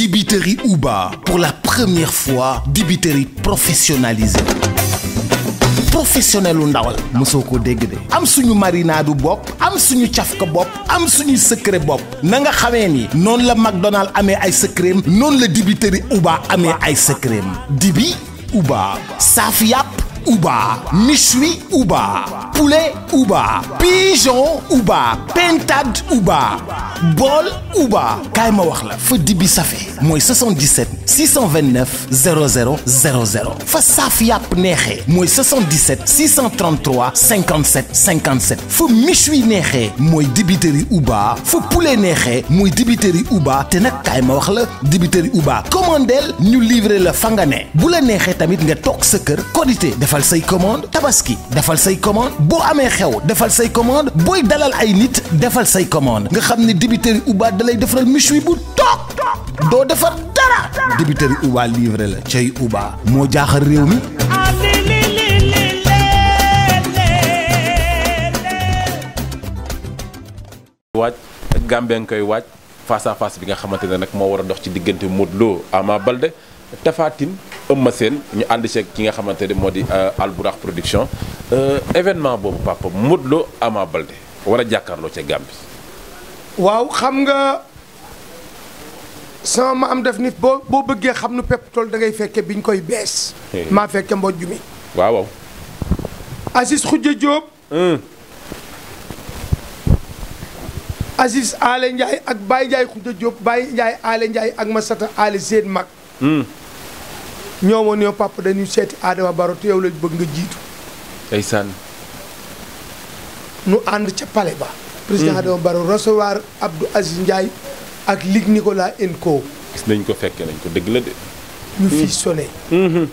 débiterie Uba pour la première fois débiterie professionnalisée professionnel u ndawal mosoo ko dégg de am suñu marinaadu bopp am suñu cafka bopp am suñu secret bopp na nga xamee nii noonu la McDonald amee ay secret noonu la dibiteri Uba amee ay secret dibi Uba saaf yàpp Ouba, méchoui Ouba, poulet Ouba, pigeon Ouba, pintade Ouba, bool Ouba. kaay ma wax la fa dibi safee mooy 77 629 00 00 fa saaf yàpp neexee mooy 77 633 57 57 fa méchoui neexee mooy dibiteri Ouba fa poulet neexee mooy dibiteri Ouba te nag kaay ma wax la dibiteri Ouba commandeel ñu livrer la fa nga ne bu la neexee tamit nga toog sa kër qualité defal say commande tabaski defal say commande boo amee xew defal say commande booy dalal ay nit defal say commande nga xam ne débiteri Uba dalay defaral méchoui bu toog doo defar dara débiteri Uba livré la cay Uba moo jaaxal réew mi waaj Gambien koy waaj face à bi nga xamante ne nag moo war a dox ci diggante Modou loo Ama Baldé Tapha Eumeu seen ñu ànd ceeg ki nga xamante ne moo di euh, Alburax production euh, événement boobu papa Modou Lo Ama Baldé war a ca Gàmbi waaw xam nga sama ma am def nit boo boo bëggee xam nu pepp tool dangay ngay fekke biñ koy bees. maa fekke mbojj mi. waaw waaw. Aziz Khoudia Diop. Hmm. Aziz Ale Ndiaye ak Baye Ndiaye Khoudia Diop Baye Ndiaye Ale Ndiaye ak Masata Ale seen mag. Hmm. ñoomoon ñoo papa dañuy seeti Adama Baro te yow lañ bëgg nga jiitu. ndeysaan. nu ànd ca palais ba. président mm. Adama Baro recevoir Abdou Aziz Ndiaye ak lig Nicolas Enco. gis nañ ko fekkee nañ ko dëgg la de. ñu fi sonné. Mm-hmm.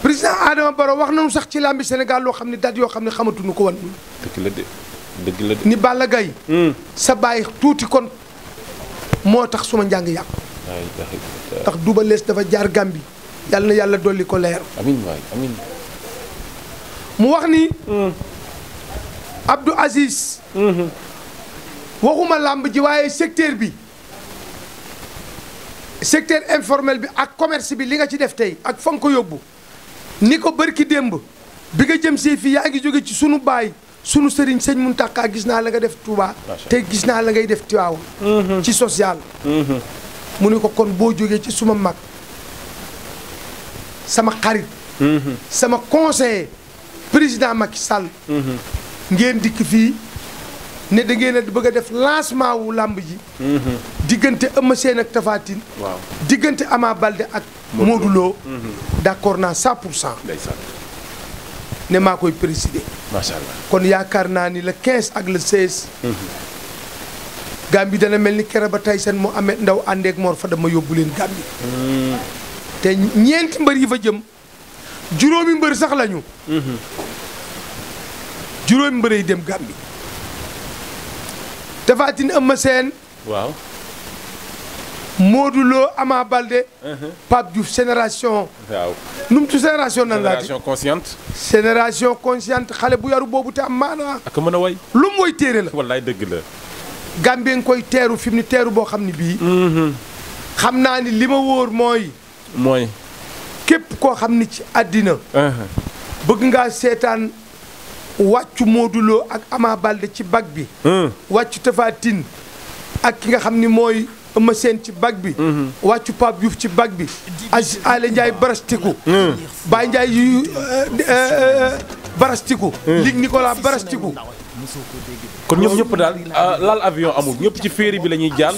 président Adama Baro wax nañu sax ci làmbi Sénégal loo xam ne date yoo xam ne xamatuñu ko wan. dëgg ni Balla Gaye mm. sa bàyyi tuuti kon moo tax suma njàng yàq ndax Double Less dafa jaar Gàmbi yàlla na yàlla dolli ko leer amiin waay amiin mu wax ni hmm. abdu Aziz hmm. waxuma làmb ji waaye secteur bi secteur informel bi ak commerce bi li nga ci def tey ak fa nga ko yóbbu ni ko bërki démb bi nga jëm see fii yaa ngi jóge ci sunu baay sunu sëriñ sëñ Muntaxa gis naa la nga def Touba te gis naa la ngay def Tiwaawan hmm. ci social mu ne ko kon boo jógee ci suma mag sama xarit. Mm-hmm. sama conseiller président Macky Sall. Mm-hmm. ngeen dikk fii ne da ngeen a bëgg a def lancement wu làmb ji. Mm-hmm. diggante Eumeu Sène ak Tapha Tine. waaw diggante Ama Baldé ak. Modou Lo d'accord naa 100 pour cent. ne maa koy présider. kon yaakaar naa ni le 15 ak le 16. Gambie dana mel ni kere ba tey seen mu amee ndaw àndeek Mor fa dama yóbbu leen Gambie te ñeenti mbër yi fa jëm juróomi mbër sax lañu juróomi mbër yi dem Gambie Tapha Tine Eumeu Sène waaw Modou Lo Ama Baldé uh-huh. Pape Diouf génération waaw nu mu tu génération nan laa génération consciente génération consciente xale bu yaru boobu te am maanaa mën a way lu mu way téere la la Gambie nga koy teeru fi ni teeru boo xam ne bii. Mhm. xam naa ni li ma wóor mooy. mooy. képp koo xam ni ci àddina. Uh-huh. bëgg nga seetaan wàccu Modou ak Ama Baldé ci bag bi. Hmm. wàccu Tapha ak ki nga xam ni mooy. Eumeu Sène ci bag bi. Hmm. wàccu Pape Diouf ci bag bi. Aziz Aly Ndiaye barastiku. Hmm. Baye Ndiaye euh, euh, euh, barastiku. Luc Nicolas barastiku. kon ñoom ñëpp daal ah, laal avion amul ñëpp ci féeri bi lañuy ñuy jàll.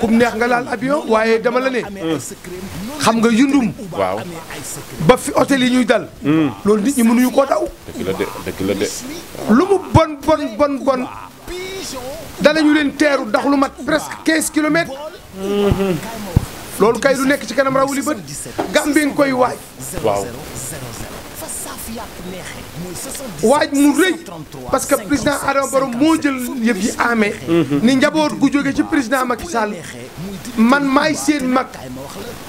kum neex nga laal avion waaye dama la ne. Hmm. xam nga yundum. waaw ba fi hôtel yi ñuy dal. Hmm. loolu nit ñi mënuñu koo daw. dëgg la de dëgg la de. lu mu bon bon bon bon danañu leen teeru ndax lu mat presque 15 kilomètres. Hmm. loolu kay du nekk ci kanam rawuli bët. Gambie nga koy waaj. waaw. waaj mu rëy parce que président Adama Barrow moo jël yëf yi amee. ni njaboot gu jóge ci président Macky Sall man maay seen mag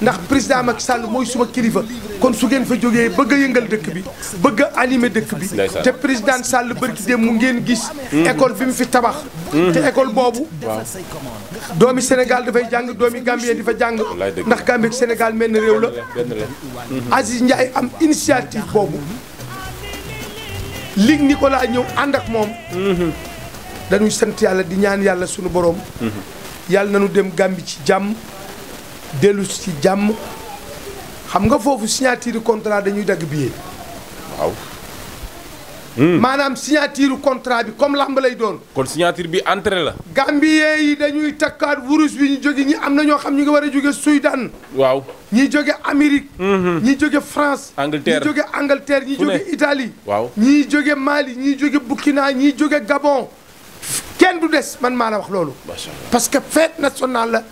ndax président Macky sàll mooy suma kilifa kon su ngeen fa jógee bëgg yëngal dëkk bi bëgg a animer dëkk bi. te président Sall barki dem mu ngeen gis. Hmm. école bi mu fi tabax. Hmm. te école boobu. doomi Sénégal dafay jàng doomi Gambie di fa jàng. ndax Gambie ak Sénégal mel ni réew la. Hmm. Aziz Ndiaye am initiative boobu. lig Nicolas ñëw ànd ak moom mhm. dañuy sant yàlla di ñaan yàlla sunu borom. Mhm. yàlla nañu dem Gàmbi ci jàmm dellu ci jàmm xam nga foofu signature contrat dañuy dagg billet waaw Hmm. maanaam signature contrat bi comme lamb lay doon. kon signature bi entrée la. Gambien yi dañuy takkaat wurus bi ñu jóge ñi am na ñoo xam ñu ngi war a jóge Soudan. waaw ñi jóge Amérique. Hmm. ñi jóge France. Angleterre ñi jóge Angleterre ñi jóge Italie. waaw ñi jóge Mali ñi jóge Burkina ñi jóge Gabon. kenn du des man maa la wax loolu. parce que fête national la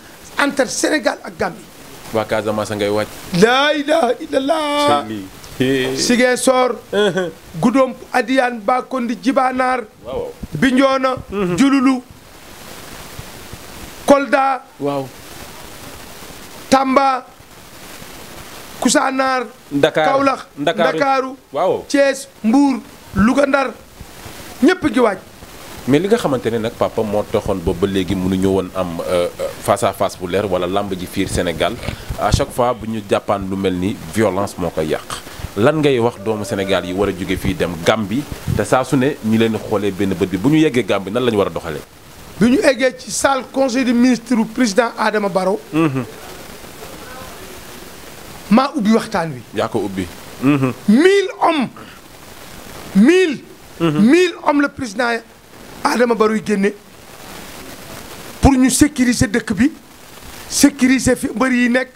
entre Sénégal ak Gambie. waa Casamance ngay wàcc. laa ilaha Sigee Soor. Guddoom Adiyaan Bakondi Jibaanaar. waaw Binjoona. Mhm. Jululu. Kolda. tàmba Tamba. Kousanaar. Dakar Kaolack Ndakaaru waaw Thiès Mbour Ndar ñëpp gi waaj. mais li nga xamante ni nag papa moo taxoon ba ba léegi mënuñu woon am euh, euh, face à bu leer wala làmb ji fiir senegal à chaque fois bu ñu jàppaan lu mel ni violence moo koy yàq. lan ngay wax doomu Sénégal yi war a jóge fii dem Gàmbi te saa su ne ñu leen xoolee benn bët bi bu ñu yeggee Gàmbi nan lañu ñu war a doxalee. bu ñu eggee ci salle conseil des ministres du président Adama Barrow. Mhm. maa ubbi waxtaan wi. yaa ko ubbi. Mhm. mille hommes. mille. Mhm. mille hommes le président Adama Barrow yi génne pour ñu sécuriser dëkk bi sécuriser fi mbër yi nekk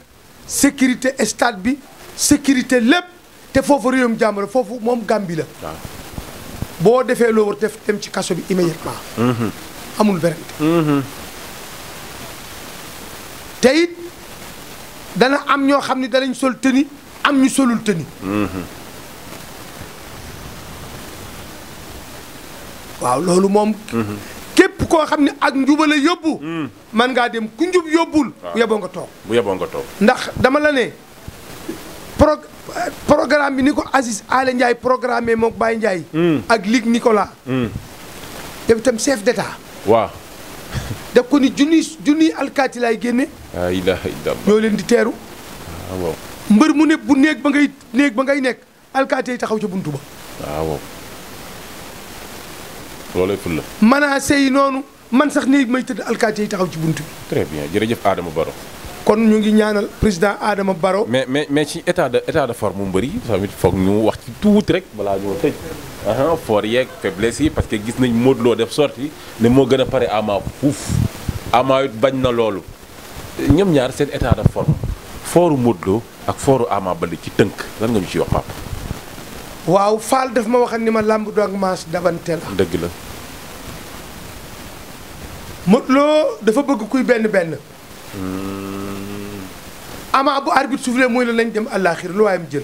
sécurité stade bi sécurité lépp. te foofu réewum jàmbur foofu moom Gàmbi la. Ah. boo defee loo war def dem ci kaso bi immédiatement. Mhm. amul werante. Mhm. te it dana am ñoo xam ne danañ sol tëni am ñu solul tëni. Mhm. waaw loolu moom. képp koo xam ne ak njuba la yóbbu. man mm. ngaa dem ku njub yóbbul. bu yeboo nga toog bu yeboo nga toog. ndax dama la ne pro programme bi ni ko Aziz Aly Ndiaye programmé moom Baye Ndiaye. Hmm. ak Luc Nicolas. Hmm. def itam chef d'état. waaw. def ko ni junniy junniy alkaati laay génne. ñoo leen di teeru. Ah, mbër mu nekk bu néeg ba ngay néeg ba ngay nekk alkaati yi taxaw ca bunt ba. Ah, waaw. loolee ful la. manaase yi noonu man sax néeg may tëdd alkaati yi taxaw ci bunt bi. très bien jërëjëf aadama Baro. kon ñu ngi ñaanal président Adama Barrow. mais mais mais ci état de état de forme mu bëri tamit foog ñu wax ci tuuti rek balaa ñoo tëj. fort yeeg faiblesse yi parce que gis nañ Modou Lo def sorti ne moo gën a pare Ama fuuf Ama bañ na loolu ñaar seen état de forme fooru Modou ak fooru Ama Baldé ci tënk lan nga ñu ciy wax papa. waaw Fall daf ma waxal ni ma làmb doog maas dabante la. dëgg la. dafa bëgg kuy benn benn. Hmm. amaa bu arbitre soufflé mooy la nañ dem àllaaxir lu waayam jël.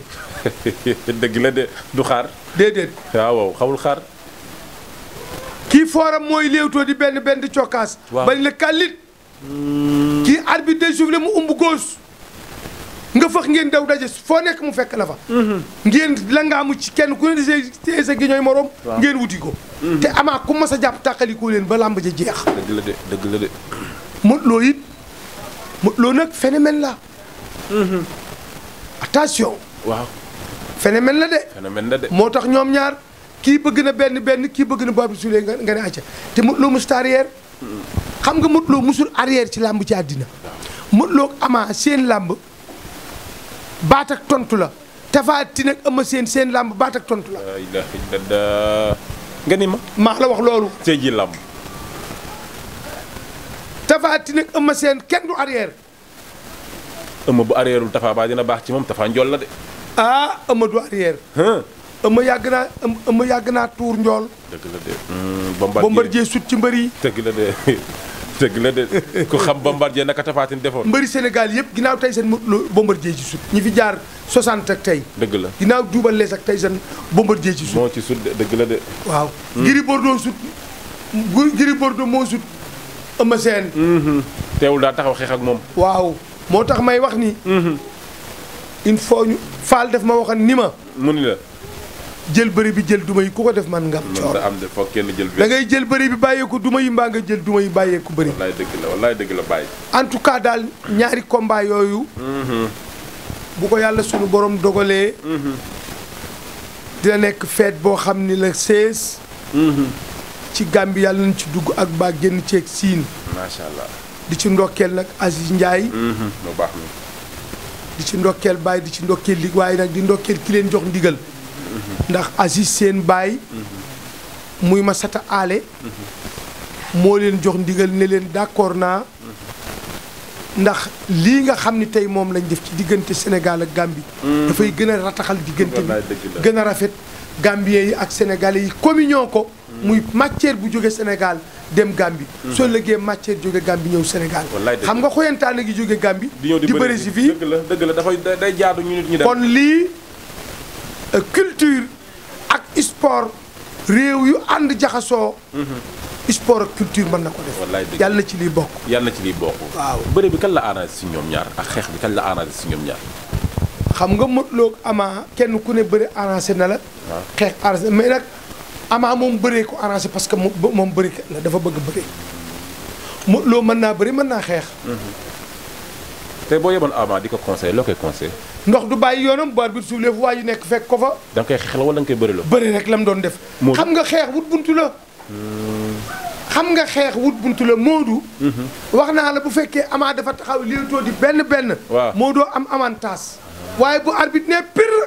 dëgg la de du xaar. déedéet. waaw waaw xawul xaar. kii fooram mooy léewtoo di benn benn cokkaas. bañ la kàllit. kii arbitre day soufflé mu umb góos. nga fëx ngeen daw daje foo nekk mu fekk la fa. Mhm. ngeen la nga amu ci kenn ku ne di sa gi ñooy morom. ngeen wuti ko. Mhm. te amaa ku mas a jàpp tàqalikoo leen ba làmb ja jeex. dëgg la de dëgg la de. Modou Lo it Modou nag phénomène la. Mm-hmm. attention. waaw. phénomène la de. moo tax ñoom ñaar kii bëgg na benn benn kii bëgg na boobu suulee nga nga ne acca te Modou Lo mosut arrière. Mm-hmm. xam nga Modou Lo mosul arrière ci làmb ci àddina. Modou Lo Ama seen làmb baat ak tontu la tafaati nag ama seen seen làmb baat ak tontu la. nga ni ma. maa la wax loolu. tey ji làmb. tafaati nag ama seen kenn du arrière. ëmma bu arrièreul Tafa Ba dina baax ci moom Tafa njool la de. ah ëmma du arrière. ëmma yàgg naa ëmma yàgg naa tuur njool. dëgg la de. Hmm, Bombardier sut ci mbër yi. dëgg la de ko la de ku xam Bombardier naka Tapha Tine defoon. mbëri Sénégal yëpp ginnaaw tey seen Bombardier ci sut. ñi fi jaar 60 ak tey. dëgg la ginnaaw duubal lees ak tey seen Bombardier ci sut. moo ci sut de dëgg la de. waaw. Hmm. Gris Bordeaux sut Gris Bordeaux moo sut ëmma seen. Hmm. teewul daa taxaw xeex ak moom. waaw. moo tax may wax ni. Mhm. il faut ñu faal def ma waxan ni ma. mu ni jël bëri bi jël duma yi ku ko def man ngam coor am de foog kenn jël da ngay jël bëri bi bàyyeeku duma yi mbaa nga jël duma yi bàyyeeku bëri. wallaay dëgg la wallaay dëgg la en tout cas daal ñaari combat yooyu. Mhm. bu ko yàlla sunu borom dogalee. Mhm. dina nekk feet boo xam ni la 16. ci Gàmbi yàlla nañ ci dugg ak baa génn ceeg siin. macha allah. di ci ndokkeel nag Aziz Ndiaye. Mhm, mu baax di ci ndokkeel baay di ci ndokkeel li waaye nag di ndokkeel ki leen jox ndigal. Mhm. ndax Aziz seen baay. Mhm. muy ma sata aale. moo leen jox ndigal ne leen d'accord naa. ndax lii nga xam ni tey moom lañ def ci diggante senegal ak gàmbi dafay gën a rataxal diggante bi gën a rafet. Gambien yi ak sénégalais yi communion ko. muy matière bu jóge Sénégal dem Gambie. Mhm. soo lëggee matière jóge Gambie ñëw Sénégal. xam nga xoyantaan gi jóge Gambie. di bëri si fii dëgg la dëgg la dafay day jaadu ñu nit ñi dem kon lii euh, culture ak sport réew yu ànd jaxasoo. Mhm. sport ak culture mën na ko def. wallaay yàlla na ci liy bokk. yàlla na ci liy bokk. waaw bëre bi kan la arrangé si ñoom ñaar ak xeex bi kan la arrangé si ñoom ñaar. xam nga Modou Lo ak kenn ku ne bëre arrangé na la. Ah. xeex arrangé mais nag. amaa moom bëree ko arrangé parce que moom bëri la dafa bëgg bëri Modou Lo mën naa bëri mën naa xeex. Mhm. te boo yeboon Ama di ko conseil loo koy conseil ndox du bàyyi yoonam bu arbitre suuf waa ji nekk fekk ko fa. da nga koy xeex la wala da nga koy bëri la. bëri rek la mu doon def. xam nga xeex wut buntu la. xam nga xeex wut bunt la Modou. Mhm. wax naa la bu fekkee Ama dafa taxaw léeg-léeg di benn benn. waaw Modou am avantage. waaye bu arbitre ne pire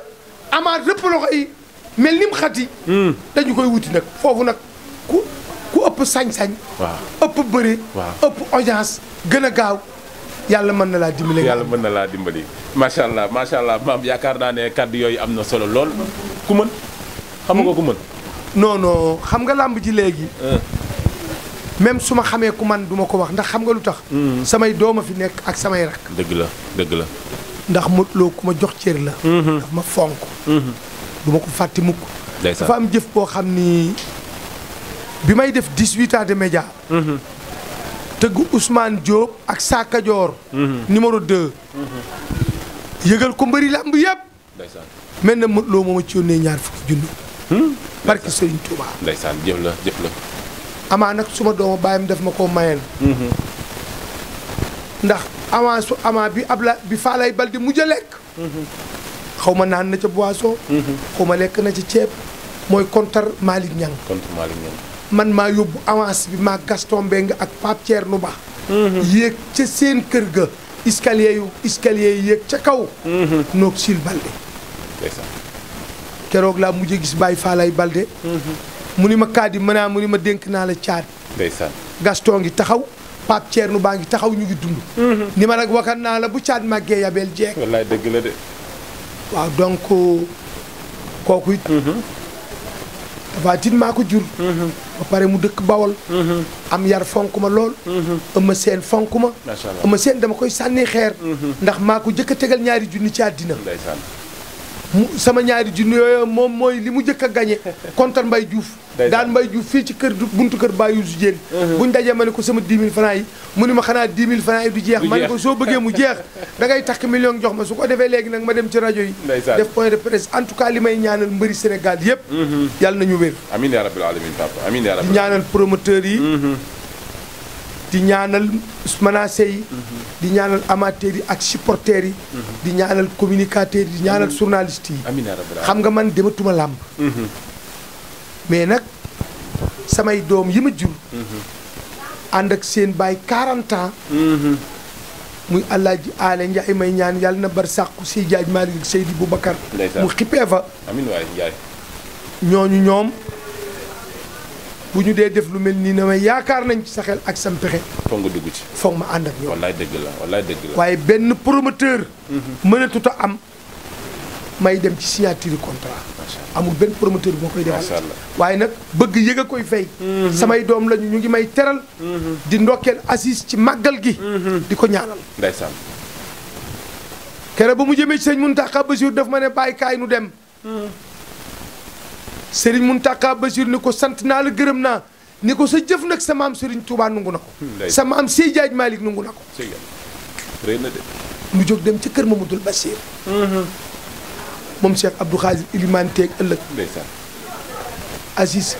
Ama mais lim xati. Hmm. dañu koy wuti nag foofu nag ku ëpp sañ-sañ. waaw ëpp bëre. waaw ëpp audience gën a gaaw. yàlla mën na laa dimbali yàlla mën na laa dimbali macha allah macha allah maam yaakaar naa ne kàddu yooyu am na solo lool ku mën. xam nga ko ku mën. Hmm? non xam nga làmb ji léegi. Hmm. même su ma xamee ku man duma ko wax ndax xam nga lu tax. samay doom a fi nekk ak samay rak. dëgg la dëgg la. ndax Modou Lo ku ma jox cër la. ma fonk. du ma ko fàtte mukk dafa am jëf boo xam ni bi may def 18 ans de média mm-hmm. tëgg Ousmane Diop ak Saka Dior mm-hmm. numéro 2 mm-hmm. yëgal ko mbëri làmb yëpp mel na Modou Lo mooma ci yónnee ñaar fukki junni hmm? barke Serigne Touba ndeysaan jëf la jëf la amaa nag suma dooma bàyyam daf ma ko mayeen ndax avance su amaa bi ab la bi faalay balde mujj lekk xaw ma naan na ca boisson. Mhm. xaw lekk na ci ceeb mooy contre Malick Niang. contre Malick Niang. man maa yóbbu avance bi maa Gaston Mbengue ak Pape Thierno baax mhm. yéeg ca seen kër ga. escalier yu escalier yi yéeg ca kaw. Mhm. noog sil balde. keroog laa mujjee gis Baye Fallay Balde. mu ni ma kaadi mën mu ni ma dénk naa la caat. ndeysaan Gaston ngi taxaw. Pape Thierno baa ngi taxaw ñu ngi dund. ni ma nag waxal naa la bu caat màggee yabeel jeeg. waaw donc kooku it. Tapha mhm. Tine maa ko jur. Mhm. ba pare mu dëkk Bawol. Mhm. am yar fonk ma lool. ama seen fonk ma. ama seen dama koy sànni xeer. ndax maa ko jëkk a tegal ñaari junni ci àddina. sama ñaari junni moom mooy li mu jëkk a gagné contre Mbaye Diouf daan Mbaye Diouf fii ci kër buntu kër Baye Youssou Diène mhm. buñ dajee ma ne ko sama 10 000 francs yi mu ni ma xanaa 10 000 francs yi du jeex ma ne ko soo bëggee mu jeex da ngay takk million jox ma su ko defee léegi nag ma dem ci rajo yi def point de presse en tout cas li may ñaanal mbëri Sénégal yëpp mhm. yàlla nañu wér amiin yaa rabbil alamin papa amiin yaa rabbil ñaanal promoteurs yi mhm. di ñaanal menacé yi di ñaanal amateurs yi ak supporters yi di ñaanal communicateurs yi di ñaanal journalistes yi xam nga man dematuma làmb mm-hmm. mais nag samay doom yi ma jur mm-hmm. ànd ak seen baay 40 ans mm-hmm. muy Alaaji Aale Njaay may ñaan yàlla na bar sàqu si jaaj Maalik Seydi Boubacar mu xippee fa amiin waay Njaay ñooñu ñoom bu ñu dee def lu mel nii ne may yaakaar nañ ci sa xel ak sam pexe. foog nga ci. foog ma ànd ak ñoom la wallaay dëgg waaye benn promoteur. Mhm. mënatut a am may dem ci signature contrat. amul benn promoteur boo koy defal. waaye nag bëgg yëg a koy fay. Mhm. samay doom lañu ñu ngi may teral. Mhm. di ndokkeel assis ci màggal gi. di ko ñaanal. ndeysaan. keroog ba mu jëmee ci sëñ Mountakha Bassirou daf ma ne bàyyi kaay nu dem. Serigne Mountakha Bachir ni ko sant naa la gërëm naa ni ko sa jëf nag sa maam Serigne Touba nungu na ko. sa maam Seydi Hadj Malick nungu na ko. rëy mu jóg dem ci kër Mamadou Bachir. Mhm. moom Cheikh Abdou Khadir Ilimane teeg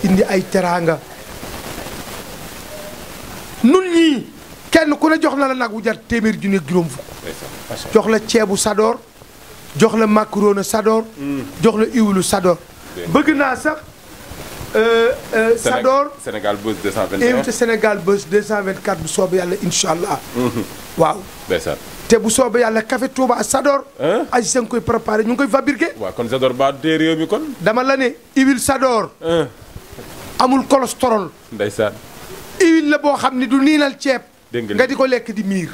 indi ay teraanga. nun ñii kenn ku ne jox na la nag wu jar téeméer junni ak juróom fukk. jox la ceebu sadoor jox la macaroni sadoor mm. jox la iwlu Sador. bëgg naa sax. Euh, euh, Sador Sénégal Buzz 221 invité Sénégal Buzz 224 bu soobee yàlla incha allah. Mm-hmm. waaw. te bu soobee yàlla café Touba Sador. aji sa nga koy préparé ñu ngi koy fabriqué. waa kon Sador ba tey réew mi kon. dama la ne huile Sador. amul cholestérol. ndeysaan. huile la boo xam ne du niinal ceeb. nga di ko lekk di miir.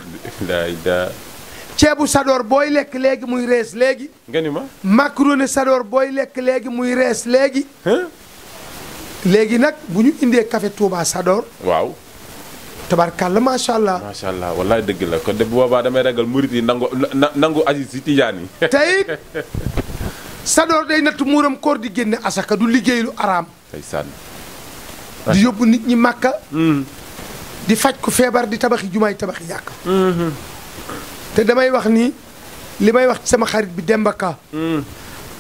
ceebu sadoor booy lekk léegi muy rees léegi. nga ni ma macaroni sadoor booy lekk léegi muy rees léegi. léegi nag bu ñu indee café Touba sadoor. waaw. tabarkàlla macha allah macha allah wallaay dëgg la ko de bu damay ragal murit yi nangu nangu aji si tijaan yi. tey sadoor day natt muuram koor di génne asaka du liggéeylu lu araam. di yóbbu nit ñi màkka. Mm. di faj ku feebar di tabaxi jumaay tabaxi yàq. te damay wax ni li may wax ci sama xarit bi Demba hmm.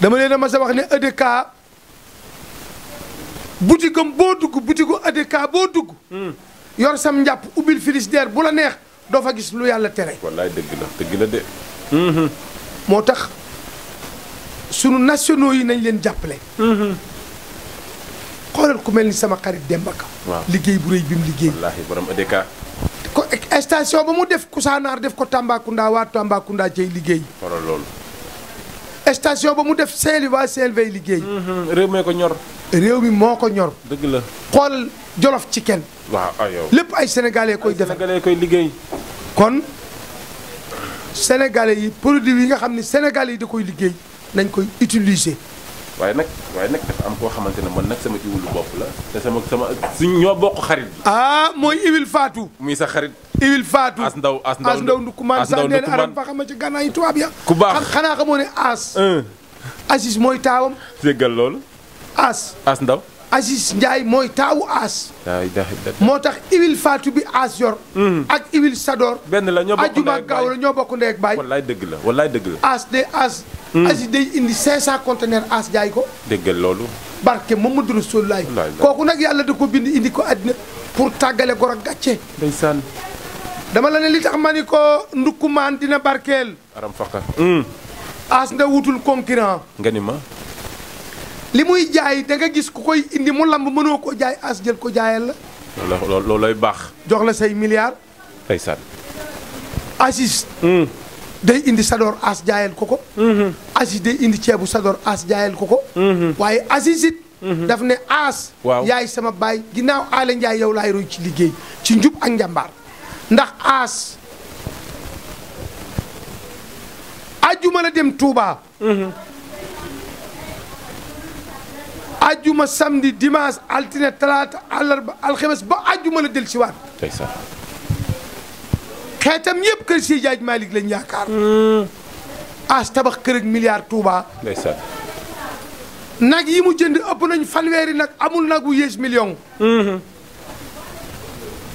dama leen a mas a wax ne EDK butigam boo dugg butigu EDK boo dugg hmm. yor sam njàpp ubbil frigidaire bu la neex doo fa gis lu yàlla tere wallaay dëgg la la de hmm. moo tax sunu nationaux yi nañ leen jàppale xoolal ku mel ni sama xarit Demba Ka liggéey bu rëy bi mu liggéey wallaahi borom EDK ko station ba mu def Kousanaar def ko Tambacounda waa Tambacounda cay liggéey. waral loolu. ba mu def Saint-Louis waa Saint-Louis liggéey. Mhm, réew mi ko ñor. réew mi moo ko ñor. dëgg la xool Jolof ci kenn. waaw ah, yow lépp ay sénégalais koy def sénégalais koy liggéey. kon sénégalais yi produit yi nga xam ne sénégalais yi da koy liggéey nañ koy utiliser. waaye nag waaye nag am koo xamante ne moon nag sama iwulu bopp la te sama sama suñ ñoo bokk xarit aa ah, mooy Iwil Fatou. muy sa xarit. Iwil Fatou as ndaw as ndaw as ndaw Ndoukoumane sax nee na arab ba ci gànnaay yi tubaab ya. ku baax xanaa xamoo ne as. Asis mooy taawam. déggal loolu. as as ndaw. Aziz Ndiaye mooy taawu aas. moo tax iwil faatu bi aas yor. Mm. ak iwil sadoor. benn la ñoo bokk gaaw la ñoo bokk ndey ak baay. wallaay la wallaay dëgg la. aas de aas. Mm. Aziz day indi 500 conteneurs aas jaay ko. dëggal loolu. barke Mamadou Rasulullaay. kooku nag yàlla da ko bind indi ko àddina pour tàggale gor ak gàcce. ndeysaan. dama la ne li tax ma ni ko ndukkumaan dina barkeel. aram faqa. aas mm. wutul concurrent. nga ni ma. li muy jaay danga gis ku koy indi mu lamb mënoo koo jaay as jël ko jaayal la. loolu loolu baax. jox la say milliards. Hmm. day indi sadoor as ko ko. day indi ceebu sadoor as jaayal ko ko. Hmm. Hmm. waaye Aziz it. daf ne aas. yaay sama baay ginnaaw Aale Ndiaye yow laay roy ci liggéey ci njub ak njàmbaar ndax aas. ajjuma la dem Touba. ajjuma samedi dimaas altine talaata àllarba alxemes ba ajjuma la del si waat xeetam yëpp kër si jaaj Malick lañ yaakaar hmm. as tabax kër ak milliard Touba nag yi mu jënd ëpp nañ fanweeri nag amul nag wu yées million hmm.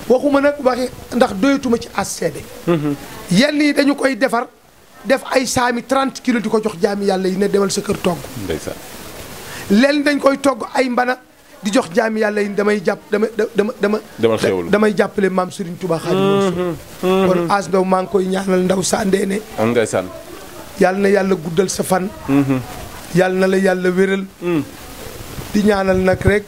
waxuma nag waxi ndax doyatuma ci as seede hmm. yenn yi dañu koy defar def ay saami 30 kilos di ko jox jaami yàlla yi ne demal sa kër togg leen dañ koy togg ay mbana di jox jaami yàlla yi damay jàpp dama dama dama. dama xewlu damay jàppale maam Serigne Touba Xaadimu mm-hmm. Rasuul. Mm-hmm. kon as ndaw maa ngi koy ñaanal ndaw sa ndeene. am ndeysaan. yàlla na yàlla guddal sa fan. Mm-hmm. yàlla na la yàlla wéral. Mm. di ñaanal nag rek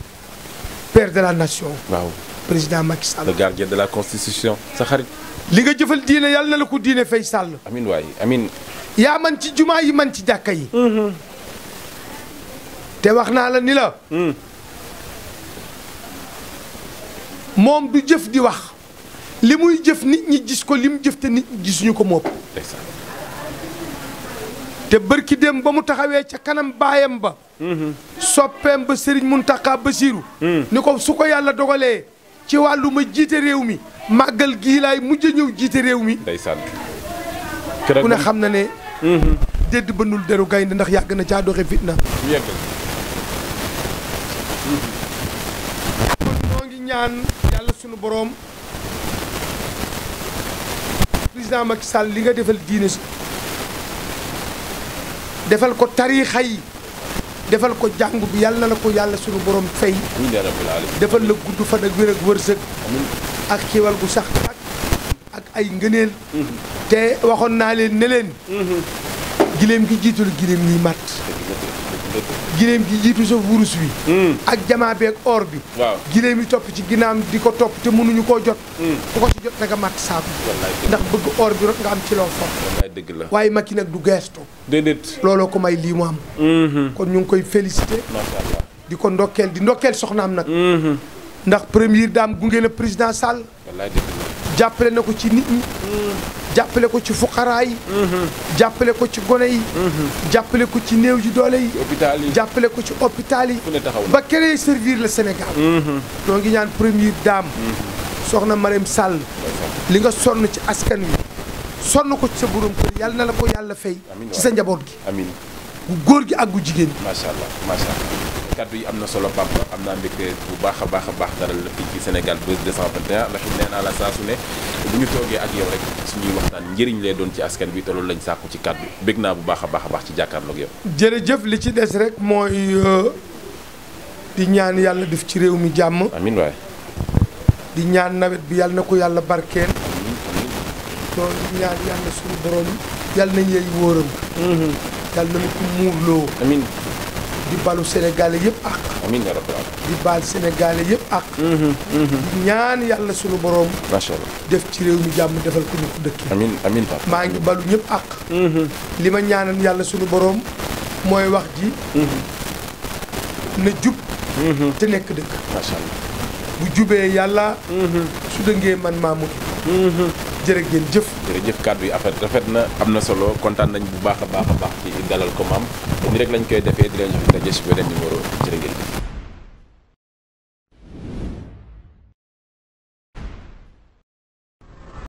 père de la nation. waaw président Macky Sall. le gardien de la constitution sa xarit. li nga jëfal diine yàlla na la ko diine fay sàll. amiin waay amiin. yaa man ci jumaa yi man ci jàkka yi. te wax naa la ni la. Hmm. moom du jëf di wax li muy jëf nit ñi gis ko li mu jëf te nit ñi gisuñu ko moom. te bërki dem ba mu taxawee ca kanam baayam ba. Hmm. soppeem ba sëriñ Muntaqa Basiiru hmm. ni ko su ko yàlla dogalee ci wàllu ma jiite réew mi màggal gii lay mujj ñëw jiite réew mi. ndeysaan ku ne xam na ne. dédd ba nul deru gaynde ndax yàgg na caa doxe fitna. ñaan yàlla sunu boroom président Macky Sall li nga defal diine si defal ko tariixa yi defal ko jàngu bi yàlla na la ko yàlla sunu borom fay defal la gudd fan ak wér ak wërsëg ak xiwal gu sax ak ay ngëneel mhm. te waxoon naa leen ne leen mhm. giléem gi jiitul giléem ñiy màtt giléem gi jiitu sa wurus wi hmm. ak jamaa beeg or bi giléem yi topp ci ginnaam di ko topp te mënuñu koo jot hmm. ku ko si jot nag a màtt saabu ndax bëgg or bi rot nga am ci loo fort waaye Macky nag du geestu déedéet looloo ko may lii mu am hmm. kon ñu ngi koy félicité di ko ndokkeel di ndokkeel soxnaam nag ndax première dame gunge na président Sall jàppale na ko ci nit ñi jàppale ko ci fuqaraa yi jàppale ko ci gone yi jàppale ko ci néew ji doole yi jàppale ko ci hôpital yi ba créer servir le Sénégal ñoo mhm. ngi ñaan première dame mhm. soxna Marème sàll li nga sonn ci askan wi sonn ko ci sa borom kër yàlla na la ko yàlla fay ci sa njaboot gi amiin gu góor gi ak gu jigéen macha allah macha kaddu yi am na solo Papa am naa mbégte bu baax a baax a baax dalal la fii ci Sénégal Buzz 221 ndax nee naa la saa su ne bu ñu toogee ak yow rek suñuy waxtaan njëriñ lay doon ci askan bi te loolu lañ sàkku ci kaddu bég naa bu baax a baax a baax ci jàkkaarloog yow. jërëjëf li ci des rek mooy euh, di ñaan yàlla def ci réew mi jàmm. amiin waay. di ñaan nawet bi yàlla na ko yàlla barkeel. loolu di ñaan yàlla suñu borom yàlla mm-hmm. yàlla na ko muurloo. amiin. di balu Sénégalais yëpp ak amiin di bal Sénégalais yëpp ak mm-hmm, mm-hmm. di ñaan yàlla sunu borom macha allah def ci réew mi jàmm defal ko ñu ko dëkk maa ngi balu ñëpp ak mm-hmm. li ma ñaanal yàlla sunu borom mooy wax ji na jub te nekk dëkk bu jubee yàlla su dëngee man maa mujj jërë ngeen jëf jërëjëf kàddu yi affaire rafet na am na solo kontaan nañ bu baax a baax a baax ci dalal ko maam ni rek lañ koy defee di leen jox daje si beneen numéro jërë ngeen jëf